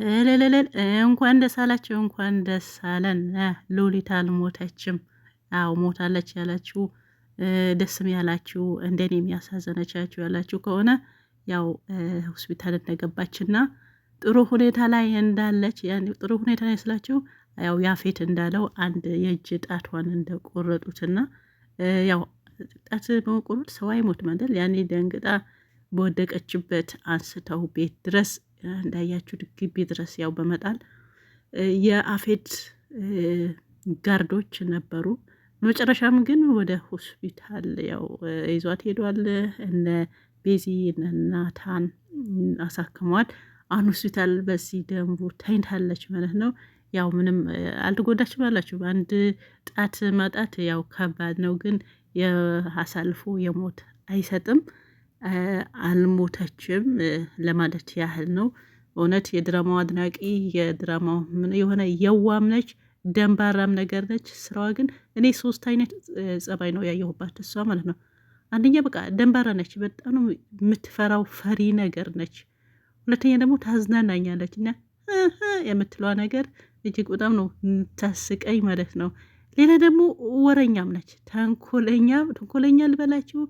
እልልልል እንኳን ደስ አላችሁ፣ እንኳን ደስ አለን። ሉሊት አልሞተችም። አዎ ሞታለች ያላችሁ ደስም ያላችሁ እንደኔ የሚያሳዘነቻችሁ ያላችሁ ከሆነ ያው ሆስፒታል እንደገባችና ጥሩ ሁኔታ ላይ እንዳለች ጥሩ ሁኔታ ላይ ስላችሁ ያው ያፌት እንዳለው አንድ የእጅ ጣቷን እንደቆረጡትና ያው ጣት በመቆረጥ ሰው አይሞት መደል ያኔ ደንግጣ በወደቀችበት አንስተው ቤት ድረስ እንዳያችሁ ግቢ ድረስ ያው በመጣል የአፌድ ጋርዶች ነበሩ። መጨረሻም ግን ወደ ሆስፒታል ያው ይዟት ሄዷል። እነ ቤዚ እነ ናታን አሳክሟል። አሁን ሆስፒታል በዚህ ደንቡ ተኝታለች ማለት ነው። ያው ምንም አልተጎዳችም አላችሁ። በአንድ ጣት ማጣት ያው ከባድ ነው፣ ግን አሳልፎ የሞት አይሰጥም። አልሞተችም ለማለት ያህል ነው። እውነት የድራማው አድናቂ የድራማው የሆነ የዋም ነች፣ ደንባራም ነገር ነች። ስራዋ ግን እኔ ሶስት አይነት ጸባይ ነው ያየሁባት እሷ ማለት ነው። አንደኛ በቃ ደንባራ ነች፣ በጣም የምትፈራው ፈሪ ነገር ነች። ሁለተኛ ደግሞ ታዝናናኛለች እና የምትለዋ ነገር እጅግ በጣም ነው የምታስቀኝ ማለት ነው። ሌላ ደግሞ ወረኛም ነች፣ ተንኮለኛ ተንኮለኛ ልበላችሁ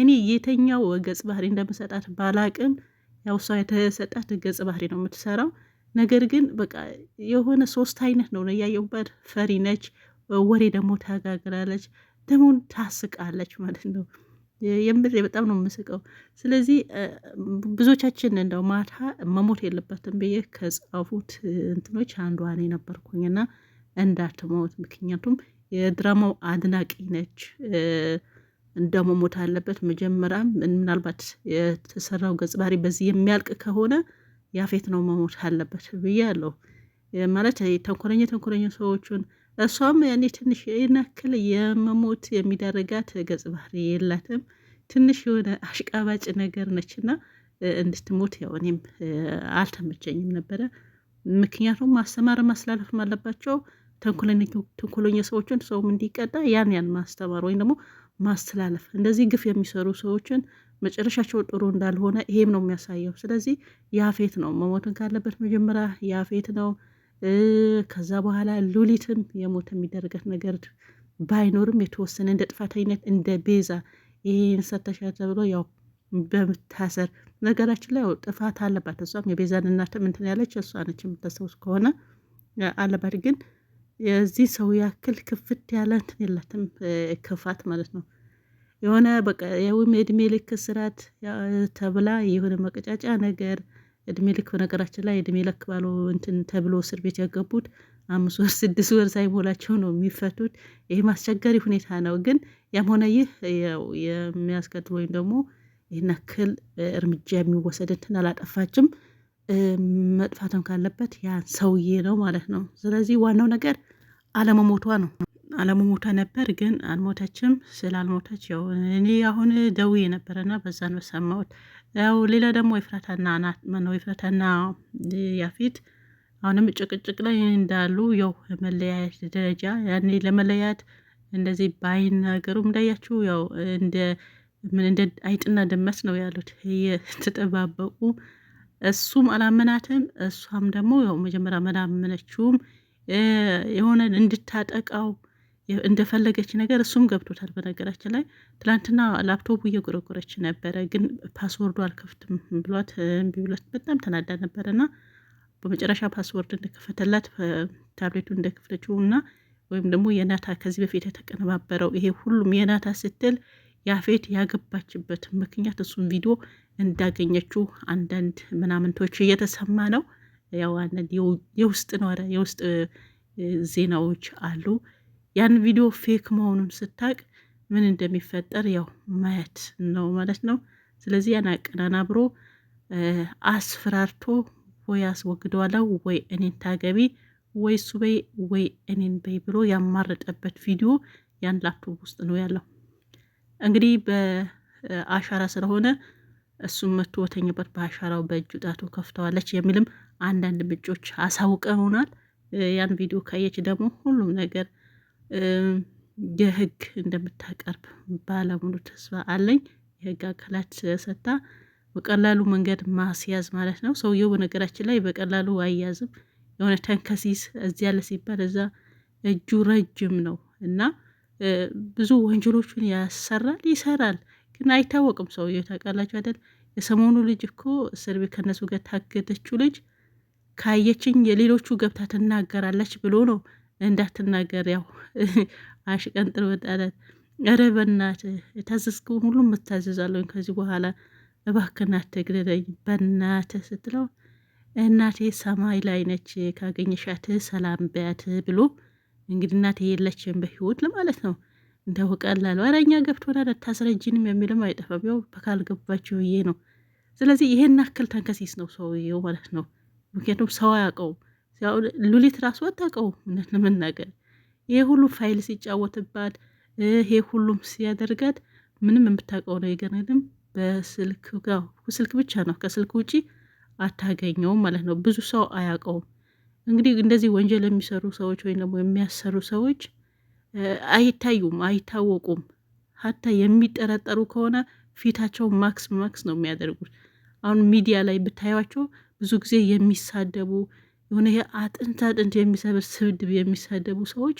እኔ የተኛው ገጽ ባህሪ እንደምሰጣት ባላቅም ያው እሷ የተሰጣት ገጽ ባህሪ ነው የምትሰራው። ነገር ግን በቃ የሆነ ሶስት አይነት ነው እያየሁበት። ፈሪ ነች፣ ወሬ ደግሞ ታጋግራለች፣ ደግሞ ታስቃለች ማለት ነው። የምር በጣም ነው የምስቀው። ስለዚህ ብዙዎቻችን እንደው ማታ መሞት የለበትም ብዬ ከጻፉት እንትኖች አንዷ እኔ ነበርኩኝና እንዳትሞት። ምክንያቱም የድራማው አድናቂ ነች። እንደው መሞት አለበት። መጀመሪያም ምናልባት የተሰራው ገጽ ባህሪ በዚህ የሚያልቅ ከሆነ ያፌት ነው መሞት አለበት ብያለሁ። ማለት ተንኮለኛ ተንኮለኛ ሰዎቹን እሷም ያኔ ትንሽ ይናክል የመሞት የሚደረጋት ገጽ ባህሪ የላትም። ትንሽ የሆነ አሽቃባጭ ነገር ነችና እንድትሞት ያው እኔም አልተመቸኝም ነበረ። ምክንያቱም ማስተማር ማስተላለፍ አለባቸው። ተንኮለኛ ሰዎችን ሰውም እንዲቀጣ ያን ያን ማስተማር ወይም ደግሞ ማስተላለፍ እንደዚህ ግፍ የሚሰሩ ሰዎችን መጨረሻቸው ጥሩ እንዳልሆነ ይሄም ነው የሚያሳየው። ስለዚህ ያፌት ነው መሞትን ካለበት መጀመሪያ ያፌት ነው። ከዛ በኋላ ሉሊትም የሞት የሚደረገት ነገር ባይኖርም የተወሰነ እንደ ጥፋተኝነት እንደ ቤዛ ይህን ተብሎ ያው በምታሰር ነገራችን ላይ ጥፋት አለባት። እሷም የቤዛን እናትም እንትን ያለች እሷ ነች የምታስታውስ ከሆነ አለባት ግን የዚህ ሰው ያክል ክፍት ያለ እንትን የላትም ክፋት ማለት ነው። የሆነ በቃ ያውም የእድሜ ልክ ስርዓት ተብላ የሆነ መቀጫጫ ነገር እድሜ ልክ በነገራችን ላይ እድሜ ልክ ባለው እንትን ተብሎ እስር ቤት ያገቡት አምስት ወር ስድስት ወር ሳይሞላቸው ነው የሚፈቱት። ይህም አስቸጋሪ ሁኔታ ነው። ግን ያም ሆነ ይህ የሚያስቀጥል ወይም ደግሞ ይህን ያክል እርምጃ የሚወሰድ እንትን አላጠፋችም። መጥፋትም ካለበት ያን ሰውዬ ነው ማለት ነው። ስለዚህ ዋናው ነገር አለመሞቷ ነው። አለመሞቷ ነበር፣ ግን አልሞተችም። ስለ አልሞተች ያው እኔ አሁን ደውዬ ነበረና ነው በሰማሁት። ያው ሌላ ደግሞ ኤፍራታና ናት ነው ያፊት አሁንም ጭቅጭቅ ላይ እንዳሉ ያው መለያየት ደረጃ ያኔ ለመለያየት እንደዚህ ነገሩ እንዳያችሁ ያው እንደ ምን እንደ አይጥና ድመት ነው ያሉት እየተጠባበቁ እሱም አላመናትም። እሷም ደግሞ ያው መጀመሪያ መላመነችውም የሆነ እንድታጠቃው እንደፈለገች ነገር እሱም ገብቶታል። በነገራችን ላይ ትናንትና ላፕቶፑ እየጎረጎረች ነበረ፣ ግን ፓስወርዱ አልከፍትም ብሏት እምቢ ብሏት በጣም ተናዳ ነበረ እና በመጨረሻ ፓስወርድ እንደከፈተላት ታብሌቱ እንደከፍተችው እና ወይም ደግሞ የናታ ከዚህ በፊት የተቀነባበረው ይሄ ሁሉም የናታ ስትል ያፌት ያገባችበት ምክንያት እሱን ቪዲዮ እንዳገኘችው አንዳንድ ምናምንቶች እየተሰማ ነው። ያው አንዳንድ የውስጥ ኖረ የውስጥ ዜናዎች አሉ። ያን ቪዲዮ ፌክ መሆኑን ስታቅ ምን እንደሚፈጠር ያው ማየት ነው ማለት ነው። ስለዚህ ያን አቀናናብሮ አስፈራርቶ ወይ አስወግደዋለው ወይ እኔን ታገቢ ወይ እሱ በይ ወይ እኔን በይ ብሎ ያማረጠበት ቪዲዮ ያን ላፕቶፕ ውስጥ ነው ያለው። እንግዲህ በአሻራ ስለሆነ እሱም መቶ በተኛበት በአሻራው በእጁ ጣቱ ከፍተዋለች የሚልም አንዳንድ ምንጮች አሳውቀውናል። ያን ቪዲዮ ካየች ደግሞ ሁሉም ነገር የህግ እንደምታቀርብ ባለሙሉ ተስፋ አለኝ። የህግ አካላት ሰታ በቀላሉ መንገድ ማስያዝ ማለት ነው። ሰውየው በነገራችን ላይ በቀላሉ አያዝም። የሆነ ተንከሲስ እዚያ ያለ ሲባል እዛ እጁ ረጅም ነው እና ብዙ ወንጀሎቹን ያሰራል፣ ይሰራል። ግን አይታወቅም። ሰው ታውቃላችሁ አይደል? የሰሞኑ ልጅ እኮ እስር ቤት ከነሱ ጋር ታገተችው ልጅ ካየችኝ የሌሎቹ ገብታ ትናገራለች ብሎ ነው እንዳትናገር ያው አሽቀንጥር ወጣላት። ኧረ በእናትህ የታዘዝከውን ሁሉ የምታዘዛለሁ ከዚህ በኋላ እባክህ እናትህ ግደለኝ በእናትህ ስትለው እናቴ ሰማይ ላይ ነች ካገኘሻት ሰላም በያት ብሎ እንግዲህ እናቴ የለችም በህይወት ለማለት ነው። እንደው ቀላል ኧረ እኛ ገብቶናል አታስረጂንም የሚልም አይጠፋም። ያው በካል በካልገባችሁ ብዬ ነው። ስለዚህ ይሄን አክል ተንከሲስ ነው ሰውዬው ማለት ነው። ምክንያቱም ሰው አያውቀውም፣ ሉሊት ራሱ አታውቀውም። እውነት ለመናገር ይሄ ሁሉ ፋይል ሲጫወትባት፣ ይሄ ሁሉም ሲያደርጋት ምንም የምታውቀው ነው የገነድም በስልክ ጋር ስልክ ብቻ ነው ከስልክ ውጪ አታገኘውም ማለት ነው። ብዙ ሰው አያውቀውም። እንግዲህ እንደዚህ ወንጀል የሚሰሩ ሰዎች ወይም ደግሞ የሚያሰሩ ሰዎች አይታዩም፣ አይታወቁም። ሀታ የሚጠረጠሩ ከሆነ ፊታቸው ማክስ ማክስ ነው የሚያደርጉት። አሁን ሚዲያ ላይ ብታዩቸው ብዙ ጊዜ የሚሳደቡ የሆነ አጥንት አጥንት የሚሰብር ስብድብ የሚሳደቡ ሰዎች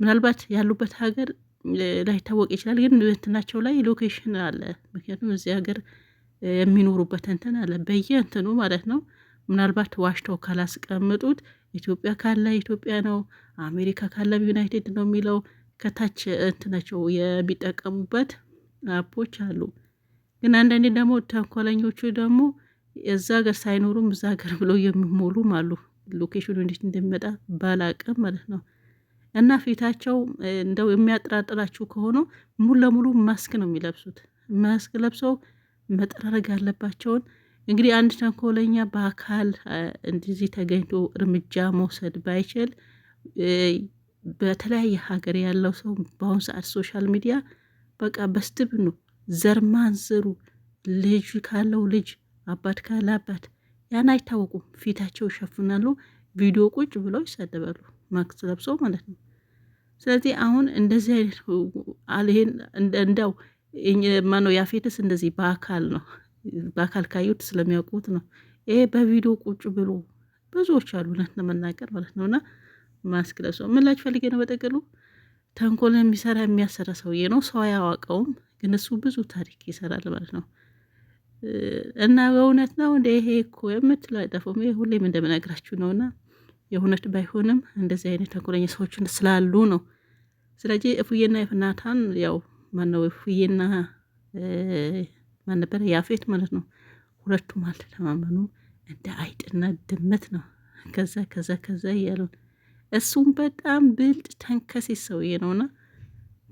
ምናልባት ያሉበት ሀገር ላይታወቅ ይችላል፣ ግን እንትናቸው ላይ ሎኬሽን አለ። ምክንያቱም እዚህ ሀገር የሚኖሩበት እንትን አለ በየእንትኑ ማለት ነው። ምናልባት ዋሽተው ካላስቀምጡት ኢትዮጵያ ካለ ኢትዮጵያ ነው አሜሪካ ካለም ዩናይትድ ነው የሚለው ከታች እንትናቸው የሚጠቀሙበት አፖች አሉ። ግን አንዳንዴ ደግሞ ተንኮለኞቹ ደግሞ እዛ ሀገር ሳይኖሩም እዛ ሀገር ብለው የሚሞሉም አሉ። ሎኬሽኑ እንዴት እንደሚመጣ ባላቅም ማለት ነው። እና ፊታቸው እንደው የሚያጠራጥራችሁ ከሆኑ ሙሉ ለሙሉ ማስክ ነው የሚለብሱት። ማስክ ለብሰው መጠራረግ ያለባቸውን እንግዲህ አንድ ተንኮለኛ በአካል እንደዚህ ተገኝቶ እርምጃ መውሰድ ባይችል በተለያየ ሀገር ያለው ሰው በአሁኑ ሰዓት ሶሻል ሚዲያ በቃ በስድብ ነው። ዘር ማንዘሩ ልጅ ካለው ልጅ አባት ካለ አባት ያን አይታወቁም። ፊታቸው ይሸፍናሉ፣ ቪዲዮ ቁጭ ብለው ይሳደባሉ፣ ማክስ ለብሰው ማለት ነው። ስለዚህ አሁን እንደዚህ አይነት አልሄን እንደው ማነው ያፌትስ እንደዚህ በአካል ነው በአካል ካዩት ስለሚያውቁት ነው። ይሄ በቪዲዮ ቁጭ ብሎ ብዙዎች አሉ ለመናገር ማለት ነውና ማስክ ለብሶ ምን ላችሁ ፈልጌ ነው? በጥቅሉ ተንኮል የሚሰራ የሚያሰራ ሰውዬ ነው። ሰው አያዋቀውም፣ ግን እሱ ብዙ ታሪክ ይሰራል ማለት ነው። እና በእውነት ነው እንደ ይሄ እኮ የምትለው አይጠፉም። ይሄ ሁሌም እንደምነግራችሁ ነው። እና የእውነት ባይሆንም እንደዚህ አይነት ተንኮለኛ ሰዎችን ስላሉ ነው። ስለዚህ እፉዬና የፍናታን ያው ማነው እፉዬና ማን ነበር ያፌት ማለት ነው። ሁለቱም አልተለማመኑ እንደ አይጥና ድመት ነው። ከዛ ከዛ ከዛ እያሉን እሱም በጣም ብልጥ ተንከሴ ሰውዬ ነውና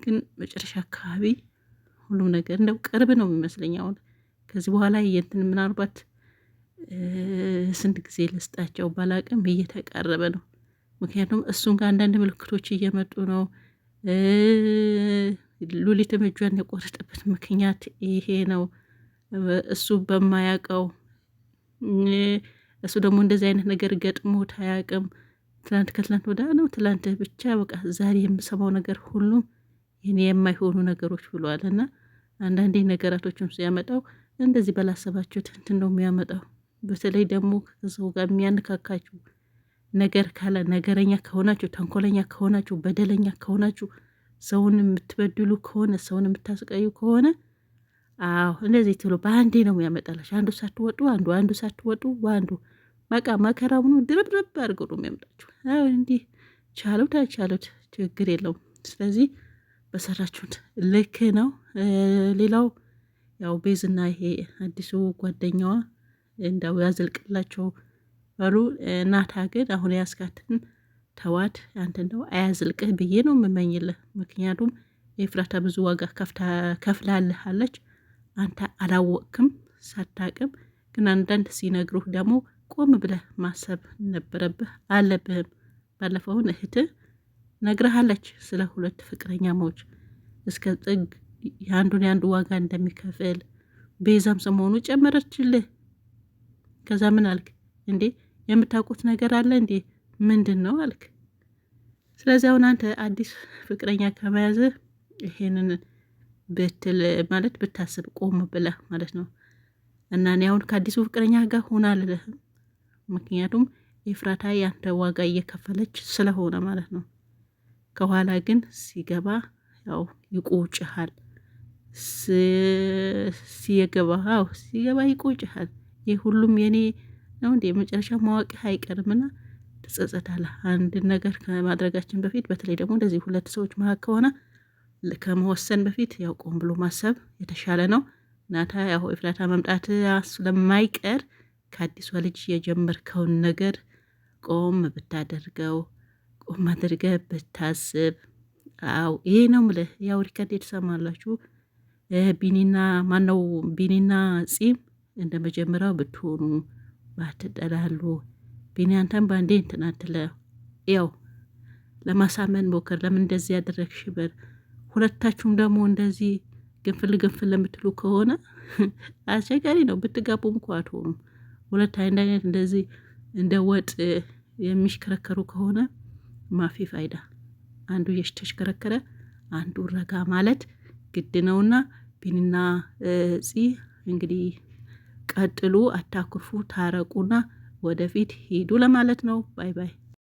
ግን መጨረሻ አካባቢ ሁሉም ነገር እንደው ቅርብ ነው የሚመስለኝ። አሁን ከዚህ በኋላ የእንትን ምናልባት ስንት ጊዜ ልስጣቸው ባላቅም እየተቃረበ ነው። ምክንያቱም እሱን ጋር አንዳንድ ምልክቶች እየመጡ ነው። ሉሊትም እጇን የቆረጠበት ምክንያት ይሄ ነው። እሱ በማያውቀው እሱ ደግሞ እንደዚህ አይነት ነገር ገጥሞት አያውቅም። ትላንት ከትላንት ወዳ ነው ትላንት ብቻ በቃ ዛሬ የምሰማው ነገር ሁሉም ይህን የማይሆኑ ነገሮች ብለዋል። እና አንዳንዴ ነገራቶችም ሲያመጣው እንደዚህ በላሰባችሁት እንትን ነው የሚያመጣው። በተለይ ደግሞ ከሰው ጋር የሚያነካካችሁ ነገር ካለ ነገረኛ ከሆናችሁ፣ ተንኮለኛ ከሆናችሁ፣ በደለኛ ከሆናችሁ፣ ሰውን የምትበድሉ ከሆነ ሰውን የምታስቀዩ ከሆነ አዎ እንደዚህ ትሎ በአንዴ ነው ያመጣላችሁ። አንዱ ሳትወጡ አንዱ አንዱ ሳትወጡ አንዱ በቃ መከራውን ድርብርብ አድርገው ነው የሚያምጣችሁ። እንዲህ ቻሉት አልቻሉት ችግር የለውም። ስለዚህ በሰራችሁት ልክ ነው። ሌላው ያው ቤዝና ይሄ አዲሱ ጓደኛዋ እንዳው ያዝልቅላቸው በሉ እናታ ግን አሁን ያስካትን ተዋት። አንተ እንደው አያዝልቅህ ብዬ ነው የምመኝልህ። ምክንያቱም የፍራታ ብዙ ዋጋ ከፍላለህ አለች። አንተ አላወቅክም፣ ሳታቅም ግን አንዳንድ ሲነግሩህ ደግሞ ቆም ብለህ ማሰብ ነበረብህ አለብህም። ባለፈውን እህት ነግረሃለች ስለ ሁለት ፍቅረኛሞች እስከ ጥግ የአንዱን የአንዱ ዋጋ እንደሚከፍል ቤዛም ሰሞኑ ጨመረችልህ። ከዛ ምን አልክ እንዴ? የምታውቁት ነገር አለ እንዴ? ምንድን ነው አልክ። ስለዚህ አሁን አንተ አዲስ ፍቅረኛ ከመያዝህ ይሄንን ብትል ማለት ብታስብ ቆም ብለህ ማለት ነው። እና እኔ አሁን ከአዲሱ ፍቅረኛ ጋር ሆና አልልህም ምክንያቱም ኤፍራታ ያንተ ዋጋ እየከፈለች ስለሆነ ማለት ነው። ከኋላ ግን ሲገባ ያው ይቆጭሃል። ሲገባ ው ሲገባ ይቆጭሃል። ይህ ሁሉም የኔ ነው እንዴ መጨረሻ ማወቅ አይቀርምና ትጸጸታለ። አንድ ነገር ከማድረጋችን በፊት በተለይ ደግሞ እንደዚህ ሁለት ሰዎች መሀል ከሆነ ከመወሰን በፊት ያው ቆም ብሎ ማሰብ የተሻለ ነው። ናታ ያው ኤፍራታ መምጣት ስለማይቀር ከአዲሷ ልጅ የጀመርከውን ነገር ቆም ብታደርገው፣ ቆም አድርገህ ብታስብ። አዎ ይሄ ነው ምልህ። ያው ሪከርድ የተሰማላችሁ ቢኒና ማነው ቢኒና ጺም እንደ መጀመሪያው ብትሆኑ ባትጠላሉ። ቢኒ አንተን ባንዴ እንትን ያው ለማሳመን ሞከር። ለምን እንደዚህ ያደረግሽ በር ሁለታችሁም ደግሞ እንደዚህ ግንፍል ግንፍል ለምትሉ ከሆነ አስቸጋሪ ነው። ብትጋቡም እኮ አትሆኑም። ሁለት አንድ አይነት እንደዚህ እንደ ወጥ የሚሽከረከሩ ከሆነ ማፊ ፋይዳ አንዱ እየተሽከረከረ አንዱ ረጋ ማለት ግድ ነውና ቢኒና ፂ እንግዲህ ቀጥሉ፣ አታኩርፉ፣ ታረቁና ወደፊት ሂዱ ለማለት ነው። ባይ ባይ።